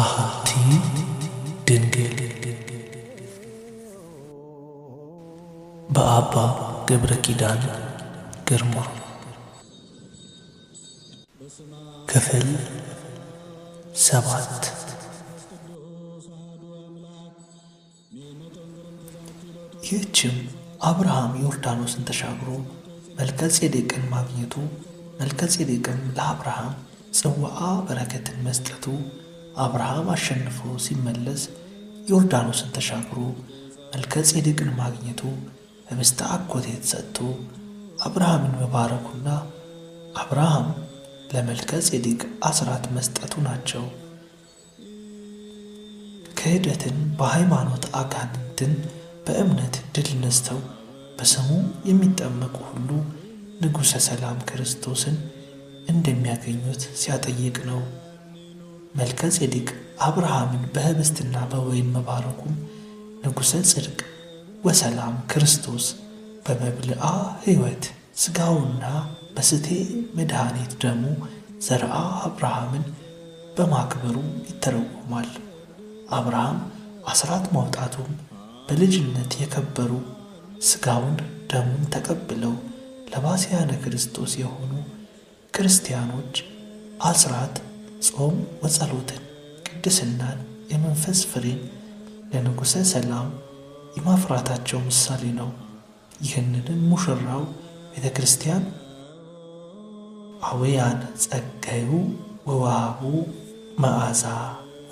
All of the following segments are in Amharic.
አሐቲ ድንግል በአባ ገብረ ኪዳን ግርማ ክፍል ሰባት ይህችም አብርሃም ዮርዳኖስን ተሻግሮ መልከ ጼዴቅን ማግኘቱ መልከጼዴቅም ለአብርሃም ጽዋአ በረከትን መስጠቱ አብርሃም አሸንፎ ሲመለስ ዮርዳኖስን ተሻግሮ መልከጼዴቅን ማግኘቱ ህብስተ አኮቴት ሰጥቶ አብርሃምን መባረኩና አብርሃም ለመልከ ጼዴቅ አስራት መስጠቱ ናቸው። ክህደትን በሃይማኖት አጋንንትን በእምነት ድል ነስተው በስሙ የሚጠመቁ ሁሉ ንጉሠ ሰላም ክርስቶስን እንደሚያገኙት ሲያጠይቅ ነው። መልከ ጼዴቅ አብርሃምን በህብስትና በወይን መባረኩም ንጉሠ ጽድቅ ወሰላም ክርስቶስ በመብልአ ሕይወት ሥጋውና በስቴ መድኃኒት ደሙ ዘርአ አብርሃምን በማክበሩ ይተረጎማል። አብርሃም አስራት ማውጣቱም በልጅነት የከበሩ ሥጋውን ደሙን ተቀብለው ለባሲያነ ክርስቶስ የሆኑ ክርስቲያኖች አስራት፣ ጾም ወጸሎትን፣ ቅድስናን፣ የመንፈስ ፍሬን ለንጉሠ ሰላም የማፍራታቸው ምሳሌ ነው። ይህንንም ሙሽራው ቤተ ክርስቲያን አውያን ጸገዩ ወዋቡ መዓዛ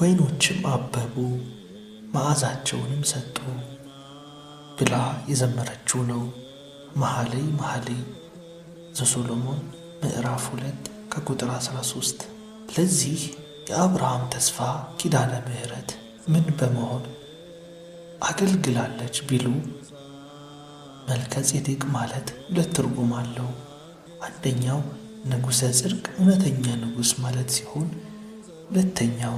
ወይኖችም አበቡ መዓዛቸውንም ሰጡ ብላ የዘመረችው ነው። መኃልየ መኃልይ ዘሶሎሞን ምዕራፍ 2 ከቁጥር 13 ለዚህ የአብርሃም ተስፋ ኪዳነ ምሕረት ምን በመሆን አገልግላለች ቢሉ መልከ ጼዴቅ ማለት ሁለት ትርጉም አለው። አንደኛው ንጉሠ ጽድቅ እውነተኛ ንጉሥ ማለት ሲሆን፣ ሁለተኛው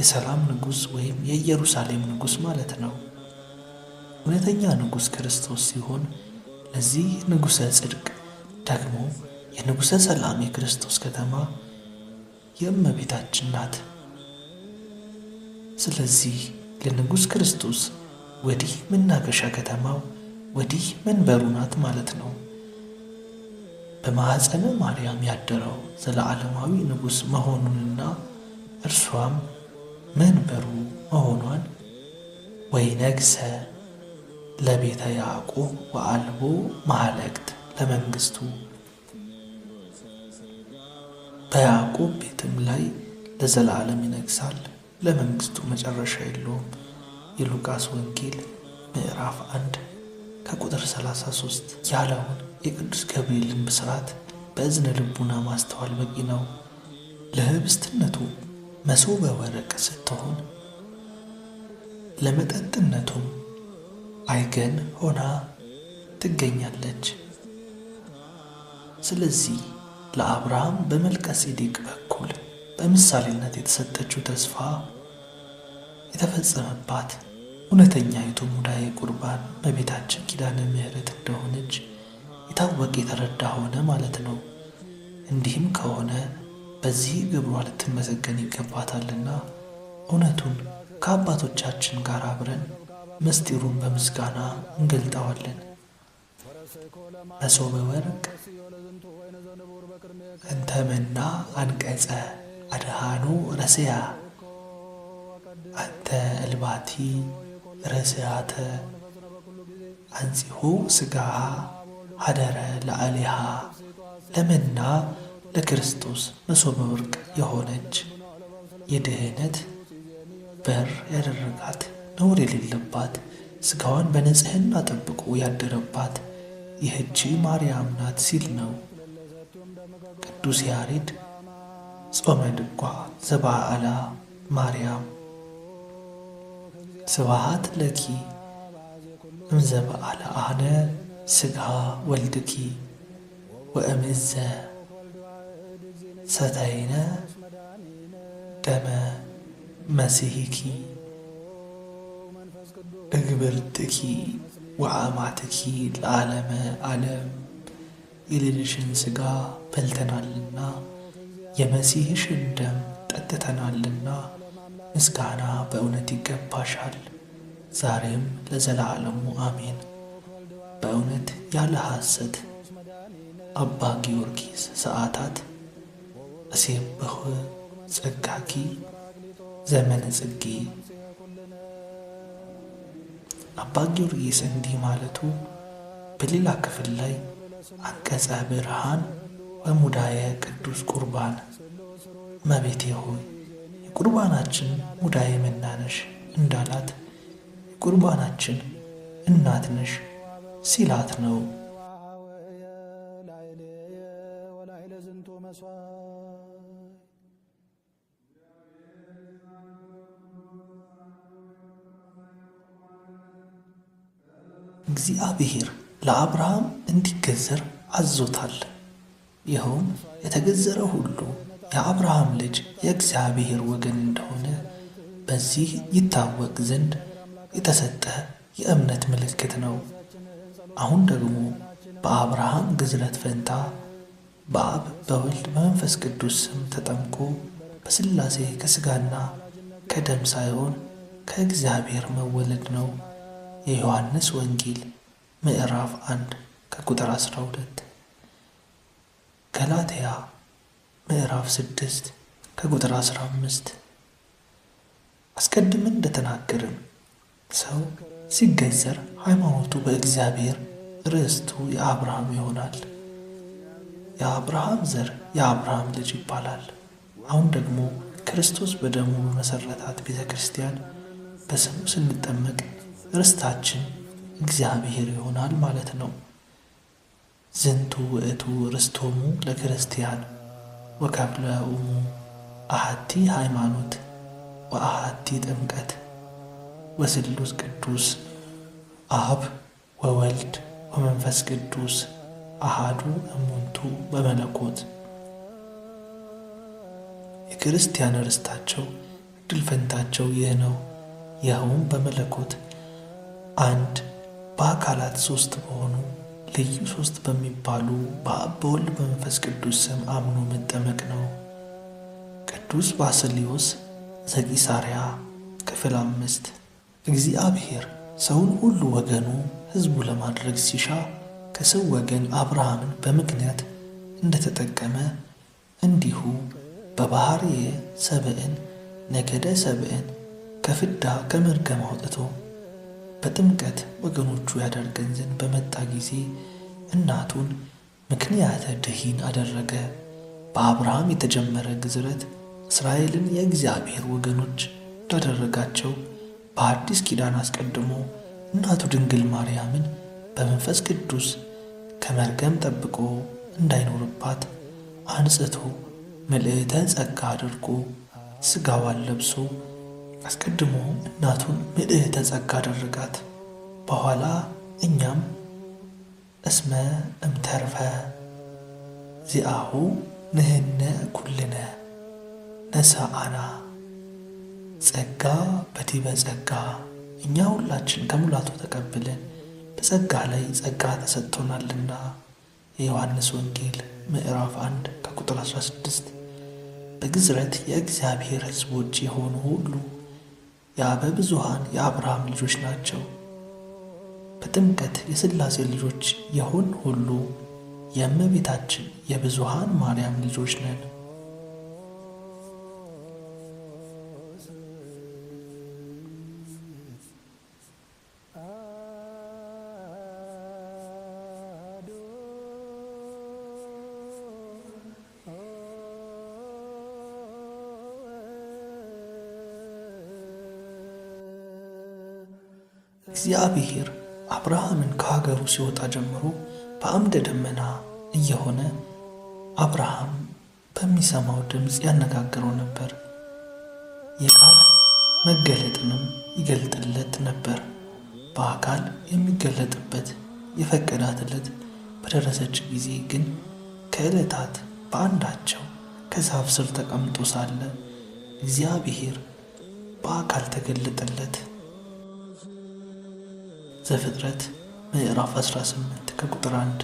የሰላም ንጉሥ ወይም የኢየሩሳሌም ንጉሥ ማለት ነው። እውነተኛ ንጉሥ ክርስቶስ ሲሆን ለዚህ ንጉሠ ጽድቅ ደግሞ የንጉሠ ሰላም የክርስቶስ ከተማ የእመቤታችን ናት። ስለዚህ ለንጉሥ ክርስቶስ ወዲህ መናገሻ ከተማው ወዲህ መንበሩ ናት ማለት ነው። በማኅፀነ ማርያም ያደረው ዘለዓለማዊ ንጉሥ መሆኑንና እርሷም መንበሩ መሆኗን ወይ ነግሰ ለቤተ ያዕቆብ ወአልቦ ማለክት ለመንግስቱ በያዕቆብ ቤትም ላይ ለዘላለም ይነግሳል። ለመንግስቱ መጨረሻ የለውም። የሉቃስ ወንጌል ምዕራፍ አንድ ከቁጥር 33 ያለውን የቅዱስ ገብርኤልን ብስራት በእዝነ ልቡና ማስተዋል በቂ ነው። ለህብስትነቱ መሶበ ወረቅ ስትሆን ለመጠጥነቱም አይገን ሆና ትገኛለች። ስለዚህ ለአብርሃም በመልቀሴዴቅ በኩል በምሳሌነት የተሰጠችው ተስፋ የተፈጸመባት እውነተኛ ሙዳየ ቁርባን በቤታችን ኪዳነ ምሕረት እንደሆነች የታወቀ የተረዳ ሆነ ማለት ነው። እንዲህም ከሆነ በዚህ ግብሯ ልትመሰገን ይገባታልና እውነቱን ከአባቶቻችን ጋር አብረን ምስጢሩን በምስጋና እንገልጠዋለን። መሶበ ወርቅ እንተመና አንቀጸ አድሃኑ ረስያ አንተ እልባቲ ረስያተ አንጺሁ ስጋሃ ሀደረ ለአሊሃ ለመና ለክርስቶስ መሶበ ወርቅ የሆነች የድህነት በር ያደረጋት ነውር የሌለባት ስጋዋን በንጽህና ጠብቆ ያደረባት ይህቺ ማርያም ናት ሲል ነው ቅዱስ ያሬድ ጾመ ድጓ ዘባዓላ ማርያም። ስብሐት ለኪ እምዘበዓላ አነ ስጋ ወልድኪ ወእምዘ ሰተይነ ደመ መሲሕኪ እግብርትኪ ወአማትኪ ለዓለመ ዓለም የልጅሽን ሥጋ በልተናልና የመሲሕሽን ደም ጠጥተናልና ምስጋና በእውነት ይገባሻል፣ ዛሬም ለዘላለሙ አሜን። በእውነት ያለ ሐሰት አባ ጊዮርጊስ ሰዓታት እሴብህ ጸጋኪ ዘመነ ጽጌ አባ ጊዮርጊስ እንዲህ ማለቱ በሌላ ክፍል ላይ አንቀጸ ብርሃን በሙዳየ ቅዱስ ቁርባን መቤቴ ሆይ የቁርባናችን ሙዳየ መናነሽ እንዳላት የቁርባናችን እናትነሽ ሲላት ነው። እግዚአብሔር ለአብርሃም እንዲገዘር አዞታል። ይኸውም የተገዘረ ሁሉ የአብርሃም ልጅ የእግዚአብሔር ወገን እንደሆነ በዚህ ይታወቅ ዘንድ የተሰጠ የእምነት ምልክት ነው። አሁን ደግሞ በአብርሃም ግዝረት ፈንታ በአብ በወልድ በመንፈስ ቅዱስ ስም ተጠምቆ በሥላሴ ከሥጋና ከደም ሳይሆን ከእግዚአብሔር መወለድ ነው። የዮሐንስ ወንጌል ምዕራፍ 1 ከቁጥር 12 ገላትያ ምዕራፍ 6 ከቁጥር 15 አስቀድመን እንደተናገርን ሰው ሲገዘር ሃይማኖቱ በእግዚአብሔር ርስቱ የአብርሃም ይሆናል። የአብርሃም ዘር የአብርሃም ልጅ ይባላል። አሁን ደግሞ ክርስቶስ በደሙ መሰረታት ቤተ ክርስቲያን በስሙ ስንጠመቅ ርስታችን እግዚአብሔር ይሆናል ማለት ነው። ዝንቱ ውእቱ ርስቶሙ ለክርስቲያን ወከብለኡሙ አሃቲ አሐቲ ሃይማኖት ወአሐቲ ጥምቀት ወስሉስ ቅዱስ አብ ወወልድ ወመንፈስ ቅዱስ አሃዱ እሙንቱ በመለኮት የክርስቲያን ርስታቸው ድልፈንታቸው ይህ ነው፣ ይኸውም በመለኮት አንድ በአካላት ሶስት በሆኑ ልዩ ሶስት በሚባሉ በአብ በወልድ በመንፈስ ቅዱስ ስም አምኖ መጠመቅ ነው። ቅዱስ ባስሊዮስ ዘቂሳርያ ክፍል አምስት እግዚአብሔር ሰውን ሁሉ ወገኑ ሕዝቡ ለማድረግ ሲሻ ከሰው ወገን አብርሃምን በምክንያት እንደተጠቀመ እንዲሁ በባሕርየ ሰብእን ነገደ ሰብእን ከፍዳ ከመርገም አውጥቶ በጥምቀት ወገኖቹ ያደርገን ዘንድ በመጣ ጊዜ እናቱን ምክንያተ ድሂን አደረገ። በአብርሃም የተጀመረ ግዝረት እስራኤልን የእግዚአብሔር ወገኖች እንዳደረጋቸው በአዲስ ኪዳን አስቀድሞ እናቱ ድንግል ማርያምን በመንፈስ ቅዱስ ከመርገም ጠብቆ እንዳይኖርባት አንጽቶ ምልዕተ ጸጋ አድርጎ ስጋዋን ለብሶ አስቀድሞ እናቱን ምልዕተ ጸጋ አደረጋት። በኋላ እኛም እስመ እምተርፈ ዚአሁ ንህነ ኩልነ ነሳአና ጸጋ በዲበ ጸጋ እኛ ሁላችን ከሙላቱ ተቀብለን በጸጋ ላይ ጸጋ ተሰጥቶናልና። የዮሐንስ ወንጌል ምዕራፍ 1 ከቁጥር 16 በግዝረት የእግዚአብሔር ሕዝቦች የሆኑ ሁሉ የአበብዙኃን የአብርሃም ልጆች ናቸው። በጥምቀት የስላሴ ልጆች የሆን ሁሉ የእመቤታችን የብዙሃን ማርያም ልጆች ነን። እግዚአብሔር አብርሃምን ከሀገሩ ሲወጣ ጀምሮ በአምደ ደመና እየሆነ አብርሃም በሚሰማው ድምፅ ያነጋግረው ነበር። የቃል መገለጥንም ይገልጥለት ነበር። በአካል የሚገለጥበት የፈቀዳትለት በደረሰች ጊዜ ግን ከዕለታት በአንዳቸው ከዛፍ ስር ተቀምጦ ሳለ እግዚአብሔር በአካል ተገለጠለት። ዘፍጥረት ምዕራፍ 18 ከቁጥር 1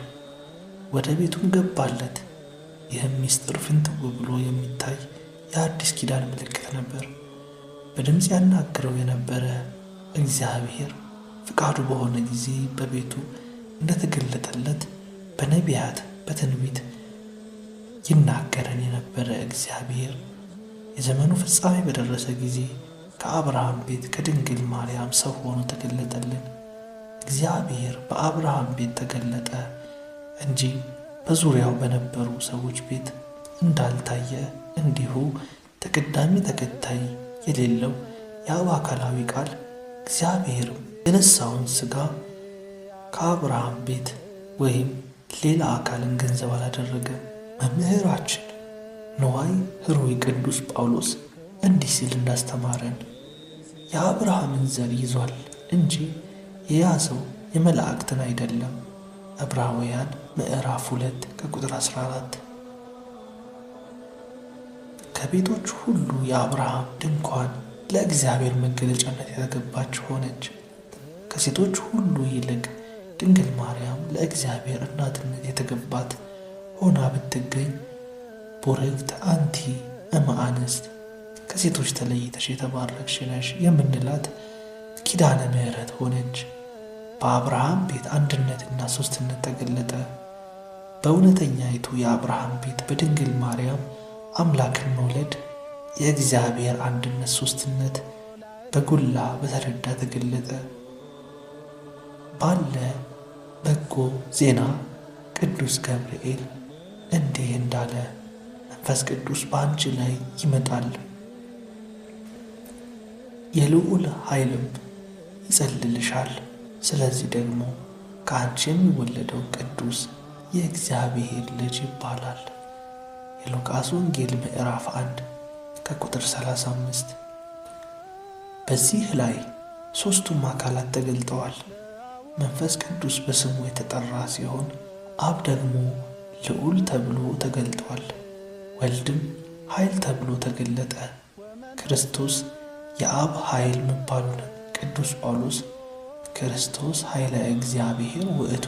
ወደ ቤቱም ገባለት። ይህም ሚስጥር ፍንትው ብሎ የሚታይ የአዲስ ኪዳን ምልክት ነበር። በድምፅ ያናግረው የነበረ እግዚአብሔር ፍቃዱ በሆነ ጊዜ በቤቱ እንደተገለጠለት በነቢያት በትንቢት ይናገረን የነበረ እግዚአብሔር የዘመኑ ፍጻሜ በደረሰ ጊዜ ከአብርሃም ቤት ከድንግል ማርያም ሰው ሆኖ ተገለጠልን። እግዚአብሔር በአብርሃም ቤት ተገለጠ እንጂ በዙሪያው በነበሩ ሰዎች ቤት እንዳልታየ እንዲሁ ተቀዳሚ ተከታይ የሌለው አካላዊ ቃል እግዚአብሔር የነሳውን ሥጋ ከአብርሃም ቤት ወይም ሌላ አካልን ገንዘብ አላደረገ። መምህራችን ነዋይ ሕሩይ ቅዱስ ጳውሎስ እንዲህ ሲል እንዳስተማረን የአብርሃምን ዘር ይዟል እንጂ የያዘው የመላእክትን አይደለም። ዕብራውያን ምዕራፍ ሁለት ከቁጥር 14 ከቤቶች ሁሉ የአብርሃም ድንኳን ለእግዚአብሔር መገለጫነት የተገባች ሆነች። ከሴቶች ሁሉ ይልቅ ድንግል ማርያም ለእግዚአብሔር እናትነት የተገባት ሆና ብትገኝ ቦረግት አንቲ እምአንስት ከሴቶች ተለይተሽ የተባረክሽ ነሽ የምንላት ኪዳነ ምሕረት ሆነች። በአብርሃም ቤት አንድነትና ሶስትነት ተገለጠ። በእውነተኛይቱ የአብርሃም ቤት በድንግል ማርያም አምላክን መውለድ የእግዚአብሔር አንድነት ሶስትነት በጎላ በተረዳ ተገለጠ። ባለ በጎ ዜና ቅዱስ ገብርኤል እንዲህ እንዳለ መንፈስ ቅዱስ በአንቺ ላይ ይመጣል፣ የልዑል ኃይልም ይጸልልሻል ስለዚህ ደግሞ ከአንቺ የሚወለደው ቅዱስ የእግዚአብሔር ልጅ ይባላል። የሉቃስ ወንጌል ምዕራፍ 1 ከቁጥር 35። በዚህ ላይ ሦስቱም አካላት ተገልጠዋል። መንፈስ ቅዱስ በስሙ የተጠራ ሲሆን አብ ደግሞ ልዑል ተብሎ ተገልጧል። ወልድም ኃይል ተብሎ ተገለጠ። ክርስቶስ የአብ ኃይል መባሉን ቅዱስ ጳውሎስ ክርስቶስ ኃይለ እግዚአብሔር ውእቱ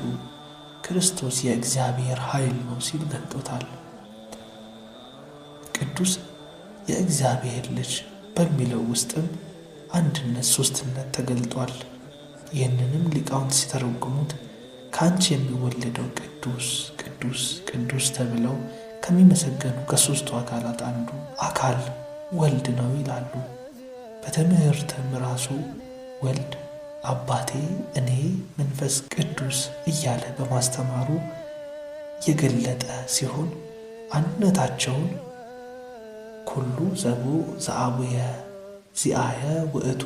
ክርስቶስ የእግዚአብሔር ኃይል ነው ሲል ገልጦታል። ቅዱስ የእግዚአብሔር ልጅ በሚለው ውስጥም አንድነት፣ ሦስትነት ተገልጧል። ይህንንም ሊቃውንት ሲተረጉሙት ከአንቺ የሚወለደው ቅዱስ ቅዱስ ቅዱስ ተብለው ከሚመሰገኑ ከሦስቱ አካላት አንዱ አካል ወልድ ነው ይላሉ። በትምህርትም ራሱ ወልድ አባቴ እኔ መንፈስ ቅዱስ እያለ በማስተማሩ የገለጠ ሲሆን አንድነታቸውን ኩሉ ዘቡ ዘአቡየ ዚአየ ውእቱ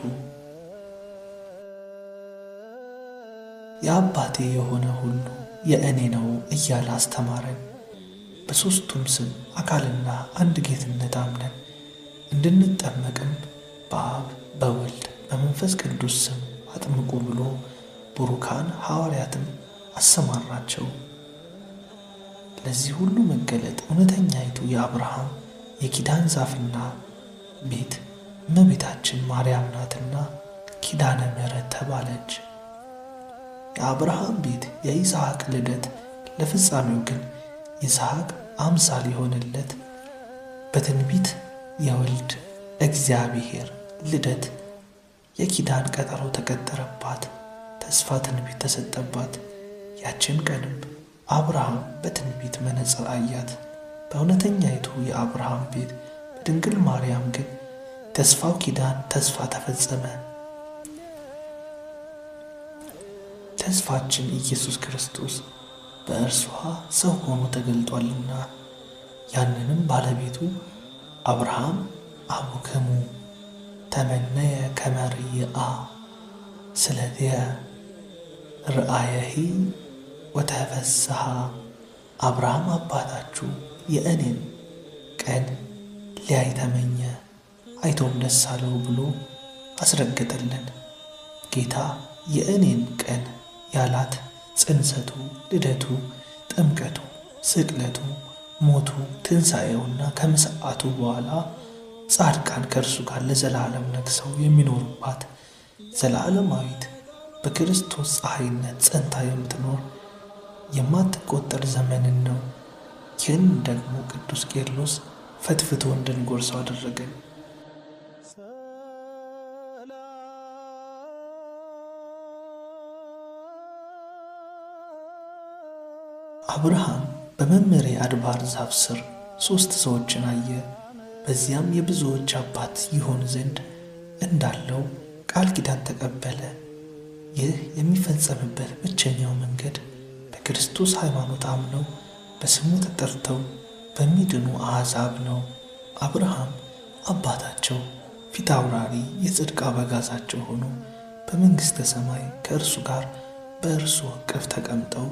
የአባቴ የሆነ ሁሉ የእኔ ነው እያለ አስተማረን። በሦስቱም ስም አካልና አንድ ጌትነት አምነን እንድንጠመቅም በአብ በወልድ በመንፈስ ቅዱስ ስም አጥምቁ ብሎ ቡሩካን ሐዋርያትም አሰማራቸው። ለዚህ ሁሉ መገለጥ እውነተኛይቱ የአብርሃም የኪዳን ዛፍና ቤት እመቤታችን ማርያም ናትና ኪዳነ ምሕረት ተባለች። የአብርሃም ቤት የይስሐቅ ልደት ለፍጻሜው ግን ይስሐቅ አምሳል የሆነለት በትንቢት የወልድ እግዚአብሔር ልደት የኪዳን ቀጠሮ ተቀጠረባት፣ ተስፋ ትንቢት ተሰጠባት። ያችን ቀንም አብርሃም በትንቢት መነጽር አያት። በእውነተኛይቱ የአብርሃም ቤት በድንግል ማርያም ግን ተስፋው ኪዳን ተስፋ ተፈጸመ። ተስፋችን ኢየሱስ ክርስቶስ በእርሷ ሰው ሆኖ ተገልጧልና ያንንም ባለቤቱ አብርሃም አቡክሙ ተመነየ ከመርይአ ስለዚየ ርአየሂ ወተፈስሐ አብርሃም አባታችሁ የእኔን ቀን ሊያይ ተመኘ፣ አይቶም ደስ አለው ብሎ አስረገጠልን። ጌታ የእኔን ቀን ያላት ጽንሰቱ፣ ልደቱ፣ ጥምቀቱ፣ ስቅለቱ፣ ሞቱ፣ ትንሣኤውና ከምስዓቱ በኋላ ጻድቃን ከእርሱ ጋር ለዘላለም ነግሰው የሚኖሩባት ዘላለማዊት በክርስቶስ ፀሐይነት ጸንታ የምትኖር የማትቆጠር ዘመንን ነው። ይህን ደግሞ ቅዱስ ቄርሎስ ፈትፍቶ እንድንጎርሰው አደረገን። አብርሃም በመምሬ አድባር ዛፍ ስር ሦስት ሰዎችን አየ። በዚያም የብዙዎች አባት ይሆን ዘንድ እንዳለው ቃል ኪዳን ተቀበለ። ይህ የሚፈጸምበት ብቸኛው መንገድ በክርስቶስ ሃይማኖት አምነው በስሙ ተጠርተው በሚድኑ አሕዛብ ነው። አብርሃም አባታቸው ፊት አውራሪ የጽድቅ አበጋዛቸው ሆኖ በመንግሥተ ሰማይ ከእርሱ ጋር በእርሱ እቅፍ ተቀምጠው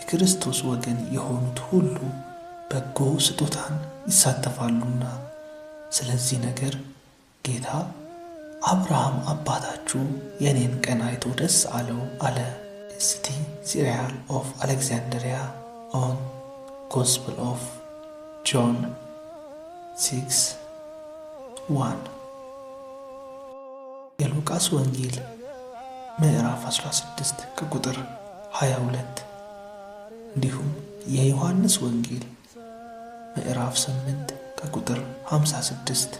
የክርስቶስ ወገን የሆኑት ሁሉ በጎ ስጦታን ይሳተፋሉና ስለዚህ ነገር ጌታ አብርሃም አባታችሁ የኔን ቀን አይቶ ደስ አለው አለ። ስቲ ሲሪያል ኦፍ አሌክዛንድሪያ ኦን ጎስፕል ኦፍ ጆን ሲክስ ዋን የሉቃስ ወንጌል ምዕራፍ 16 ከቁጥር 22 እንዲሁም የዮሐንስ ወንጌል ምዕራፍ 8 ከቁጥር 56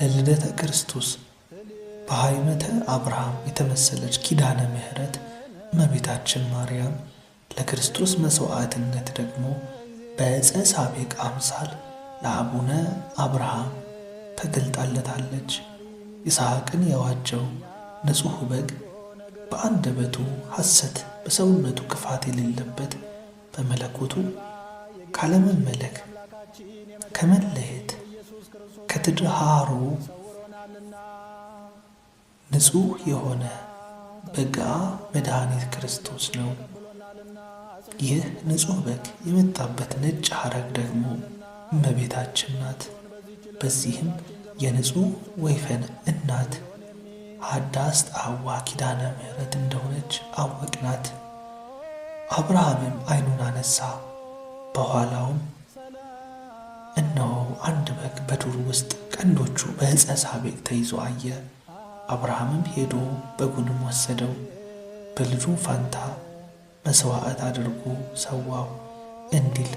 ለልደተ ክርስቶስ በሃይመተ አብርሃም የተመሰለች ኪዳነ ምሕረት እመቤታችን ማርያም ለክርስቶስ መሥዋዕትነት ደግሞ በዕፀ ሳቤቅ አምሳል ለአቡነ አብርሃም ተገልጣለታለች። ይስሐቅን የዋጀው ንጹሕ በግ በአንደበቱ ሐሰት በሰውነቱ ክፋት የሌለበት በመለኮቱ ካለመመለክ ከመለየት ከትድሃሩ ንጹሕ የሆነ በጋ መድኃኒት ክርስቶስ ነው። ይህ ንጹሕ በግ የመጣበት ነጭ ሐረግ ደግሞ እመቤታችን ናት። በዚህም የንጹሕ ወይፈን እናት አዳስት አዋ ኪዳነ ምሕረት እንደሆነች አወቅናት። አብርሃምም አይኑን አነሳ፣ በኋላውም እነሆ አንድ በግ በዱር ውስጥ ቀንዶቹ በዕፀ ሳቤቅ ተይዞ አየ። አብርሃምም ሄዶ በጉንም ወሰደው፣ በልጁ ፋንታ መሥዋዕት አድርጎ ሰዋው እንዲል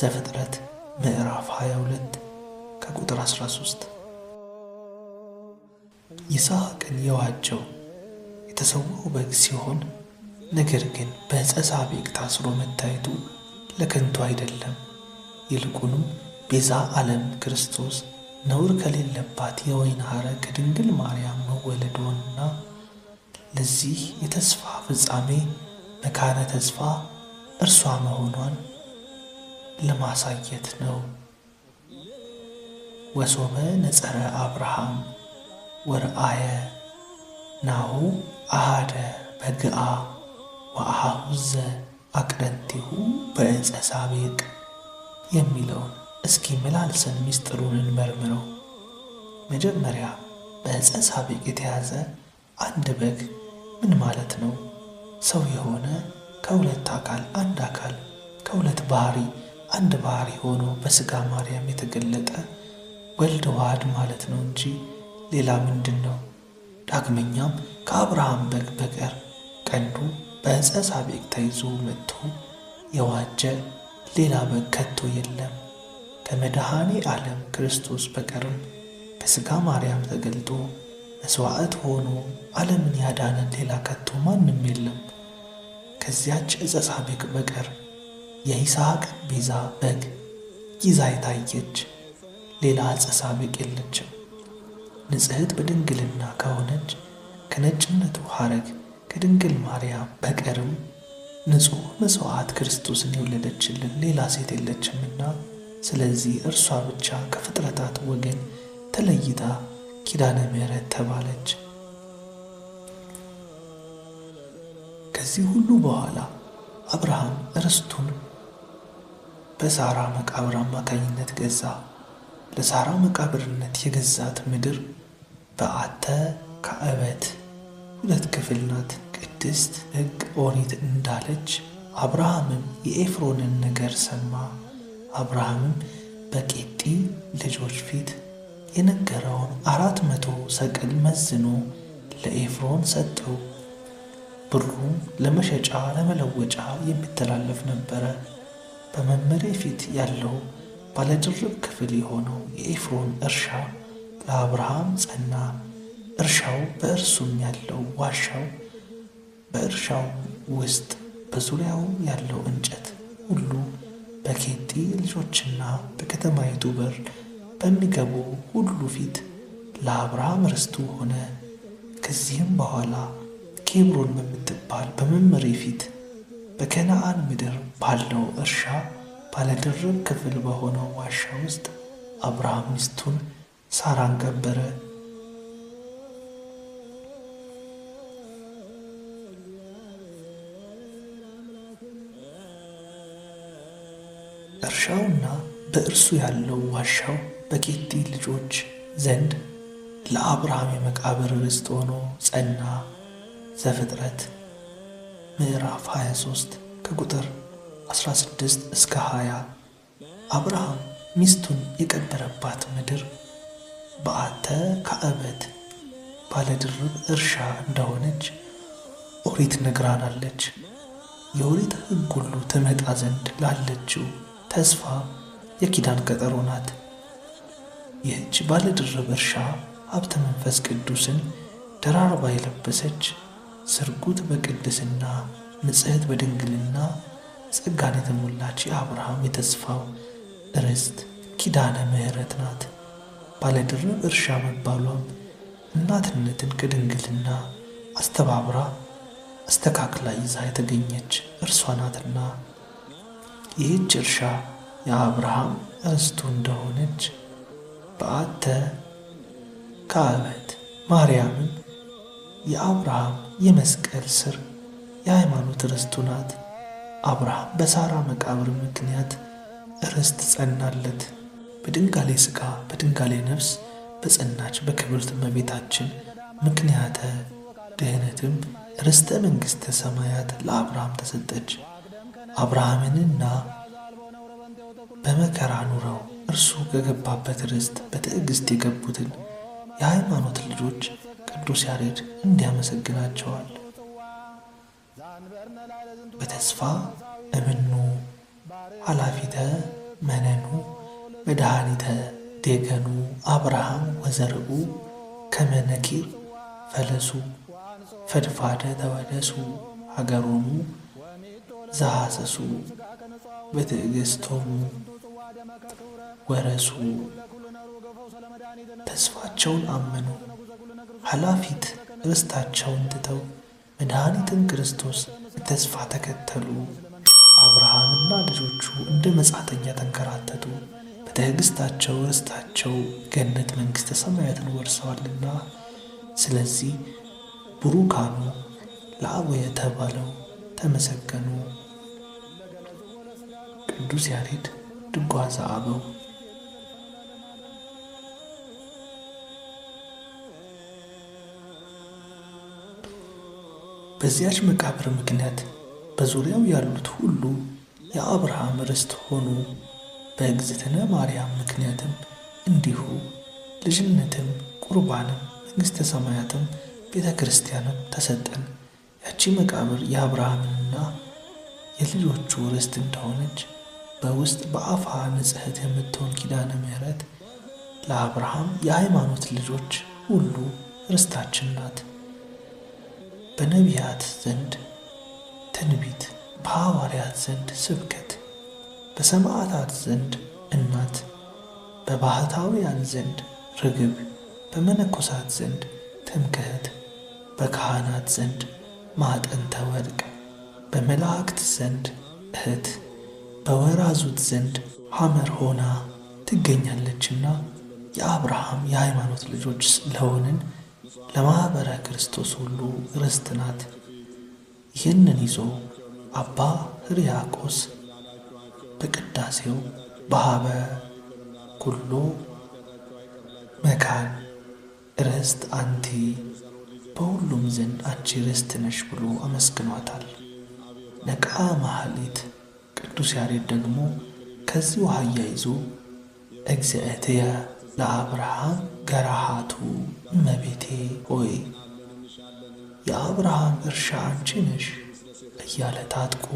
ዘፍጥረት ምዕራፍ 22 ከቁጥር 13 ይስሐቅን የዋጀው የተሰዋው በግ ሲሆን ነገር ግን በዕፀ ሳቤቅ ታስሮ መታየቱ ለከንቱ አይደለም፣ ይልቁንም ቤዛ ዓለም ክርስቶስ ነውር ከሌለባት የወይን ሐረ ከድንግል ማርያም መወለዷንና ለዚህ የተስፋ ፍጻሜ መካነ ተስፋ እርሷ መሆኗን ለማሳየት ነው። ወሶበ ነፀረ አብርሃም ወርአየ ናሁ አሃደ በግአ ወአሐውዘ አቅደንቲሁ በዕፀ ሳቤቅ የሚለውን እስኪ ምላልሰን ሚስጥሩን እንመርምረው። መጀመሪያ በዕፀ ሳቤቅ የተያዘ አንድ በግ ምን ማለት ነው? ሰው የሆነ ከሁለት አካል አንድ አካል ከሁለት ባህሪ አንድ ባህሪ ሆኖ በስጋ ማርያም የተገለጠ ወልድ ዋህድ ማለት ነው እንጂ ሌላ ምንድን ነው? ዳግመኛም ከአብርሃም በግ በቀር ቀንዱ በዕፀ ሳቤቅ ተይዞ መጥቶ የዋጀ ሌላ በግ ከቶ የለም። ከመድኃኔ ዓለም ክርስቶስ በቀርም ከሥጋ ማርያም ተገልጦ መሥዋዕት ሆኖ ዓለምን ያዳነ ሌላ ከቶ ማንም የለም። ከዚያች ዕፀ ሳቤቅ በቀር የይስሐቅን ቤዛ በግ ይዛ የታየች ሌላ አጸሳ ብቅ የለችም። ንጽሕት በድንግልና ከሆነች ከነጭነቱ ሐረግ ከድንግል ማርያም በቀርም ንጹሕ መሥዋዕት ክርስቶስን የወለደችልን ሌላ ሴት የለችምና ስለዚህ እርሷ ብቻ ከፍጥረታት ወገን ተለይታ ኪዳነ ምሕረት ተባለች። ከዚህ ሁሉ በኋላ አብርሃም ርስቱን በሳራ መቃብር አማካኝነት ገዛ። ለሳራ መቃብርነት የገዛት ምድር በአተ ከአበት ሁለት ክፍል ናት። ቅድስት ሕግ ኦሪት እንዳለች አብርሃምም የኤፍሮንን ነገር ሰማ። አብርሃምም በቄጢ ልጆች ፊት የነገረውን አራት መቶ ሰቅል መዝኖ ለኤፍሮን ሰጠው። ብሩም ለመሸጫ ለመለወጫ የሚተላለፍ ነበረ። በመምሬ ፊት ያለው ባለድርብ ክፍል የሆነው የኤፍሮን እርሻ ለአብርሃም ጸና። እርሻው በእርሱም ያለው ዋሻው፣ በእርሻው ውስጥ በዙሪያው ያለው እንጨት ሁሉ በኬጢ ልጆችና በከተማይቱ በር በሚገቡ ሁሉ ፊት ለአብርሃም ርስቱ ሆነ። ከዚህም በኋላ ኬብሮን በምትባል በመምሬ ፊት በከነአን ምድር ባለው እርሻ ባለድርብ ክፍል በሆነው ዋሻ ውስጥ አብርሃም ሚስቱን ሳራን ቀበረ። እርሻውና በእርሱ ያለው ዋሻው በኬቲ ልጆች ዘንድ ለአብርሃም የመቃብር ርስት ሆኖ ጸና። ዘፍጥረት ምዕራፍ 23 ከቁጥር 16 እስከ 20 አብርሃም ሚስቱን የቀበረባት ምድር በአተ ከአበት ባለድርብ እርሻ እንደሆነች ኦሪት ነግራናለች። የኦሪት ሕግ ሁሉ ትመጣ ዘንድ ላለችው ተስፋ የኪዳን ቀጠሮ ናት። ይህች ባለድርብ እርሻ ሀብተ መንፈስ ቅዱስን ደራርባ የለበሰች ስርጉት በቅድስና ንጽሕት በድንግልና ጸጋን የተሞላች የአብርሃም የተስፋው ርስት ኪዳነ ምሕረት ናት። ባለድርብ እርሻ መባሏም እናትነትን ከድንግልና አስተባብራ አስተካክላ ይዛ የተገኘች እርሷ ናትና ይህች እርሻ የአብርሃም ርስቱ እንደሆነች በአተ ከአበት ማርያምም የአብርሃም የመስቀል ስር የሃይማኖት ርስቱ ናት። አብርሃም በሳራ መቃብር ምክንያት ርስት ጸናለት። በድንጋሌ ሥጋ በድንጋሌ ነፍስ በጸናች በክብርት እመቤታችን ምክንያተ ድህነትም ርስተ መንግሥተ ሰማያት ለአብርሃም ተሰጠች። አብርሃምንና በመከራ ኑረው እርሱ ከገባበት ርስት በትዕግሥት የገቡትን የሃይማኖት ልጆች ቅዱስ ያሬድ እንዲያመሰግናቸዋል። በተስፋ እምኑ ኃላፊተ መነኑ መድኃኒተ ዴገኑ አብርሃም ወዘርኡ ከመነኪ ፈለሱ ፈድፋደ ተወደሱ ሀገሮሙ ዘሐሰሱ በትዕግሥቶሙ ወረሱ። ተስፋቸውን አመኑ ኃላፊት ርስታቸውን ትተው መድኃኒትን ክርስቶስ በተስፋ ተከተሉ። አብርሃምና ልጆቹ እንደ መጻተኛ ተንከራተቱ። በትዕግሥታቸው ርስታቸው ገነት መንግሥተ ሰማያትን ወርሰዋልና። ስለዚህ ቡሩካኑ ለአቦ የተባለው ተመሰገኑ። ቅዱስ ያሬድ ድጓዛ አበው በዚያች መቃብር ምክንያት በዙሪያው ያሉት ሁሉ የአብርሃም ርስት ሆኑ። በእግዝእትነ ማርያም ምክንያትም እንዲሁ ልጅነትም፣ ቁርባንም፣ መንግሥተ ሰማያትም ቤተ ክርስቲያንም ተሰጠን። ያቺ መቃብር የአብርሃምና የልጆቹ ርስት እንደሆነች በውስጥ በአፋ ንጽሕት የምትሆን ኪዳነ ምሕረት ለአብርሃም የሃይማኖት ልጆች ሁሉ ርስታችን ናት። በነቢያት ዘንድ ትንቢት፣ በሐዋርያት ዘንድ ስብከት፣ በሰማዕታት ዘንድ እናት፣ በባህታውያን ዘንድ ርግብ፣ በመነኮሳት ዘንድ ትምክህት፣ በካህናት ዘንድ ማጠን ወርቅ፣ በመላእክት ዘንድ እህት፣ በወራዙት ዘንድ ሐመር ሆና ትገኛለችና የአብርሃም የሃይማኖት ልጆች ለሆንን ለማኅበረ ክርስቶስ ሁሉ ርስት ናት። ይህንን ይዞ አባ ሕርያቆስ በቅዳሴው በሀበ ኩሎ መካን ርስት አንቲ በሁሉም ዘንድ አንቺ ርስት ነሽ ብሎ አመስግኗታል። ነቃ ማህሌት ቅዱስ ያሬድ ደግሞ ከዚህ ውሃ አያይዞ እግዚአብሔር ለአብርሃም ገራሃቱ እመቤቴ ሆይ የአብርሃም እርሻ አንቺ ነሽ እያለ ታጥቆ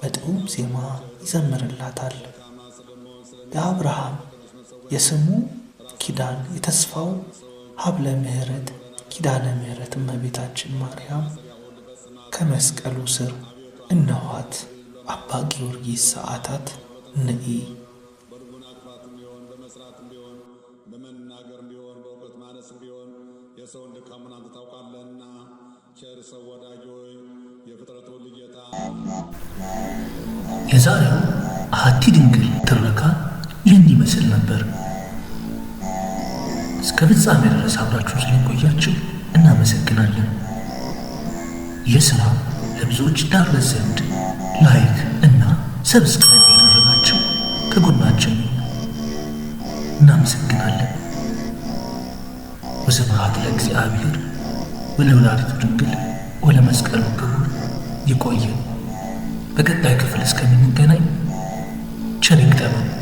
በጥዑም ዜማ ይዘምርላታል። ለአብርሃም የስሙ ኪዳን የተስፋው ሀብለ ምሕረት ኪዳነ ምሕረት እመቤታችን ማርያም ከመስቀሉ ስር እነኋት አባ ጊዮርጊስ ሰዓታት ንኢ እሱ ቢሆን የሰውን ድካምን አንተ ታውቃለህና፣ ቸር ሰው ወዳጅ ሆይ የፍጥረቱ ልጌታ። የዛሬው አሐቲ ድንግል ትረካ ይህን ይመስል ነበር። እስከ ፍጻሜ ድረስ አብራችሁ ስለቆያችሁ እናመሰግናለን። ይህ ሥራ ለብዙዎች ይዳረስ ዘንድ ላይክ እና ሰብስክራይብ ያደረጋችሁ ከጎናችን እናመሰግናለን። ወስብሐት ለእግዚአብሔር ወለወላዲቱ ድንግል ወለመስቀሉ ክቡር። ይቆየ። በቀጣይ ክፍል እስከምንገናኝ ቸር ይግጠመን።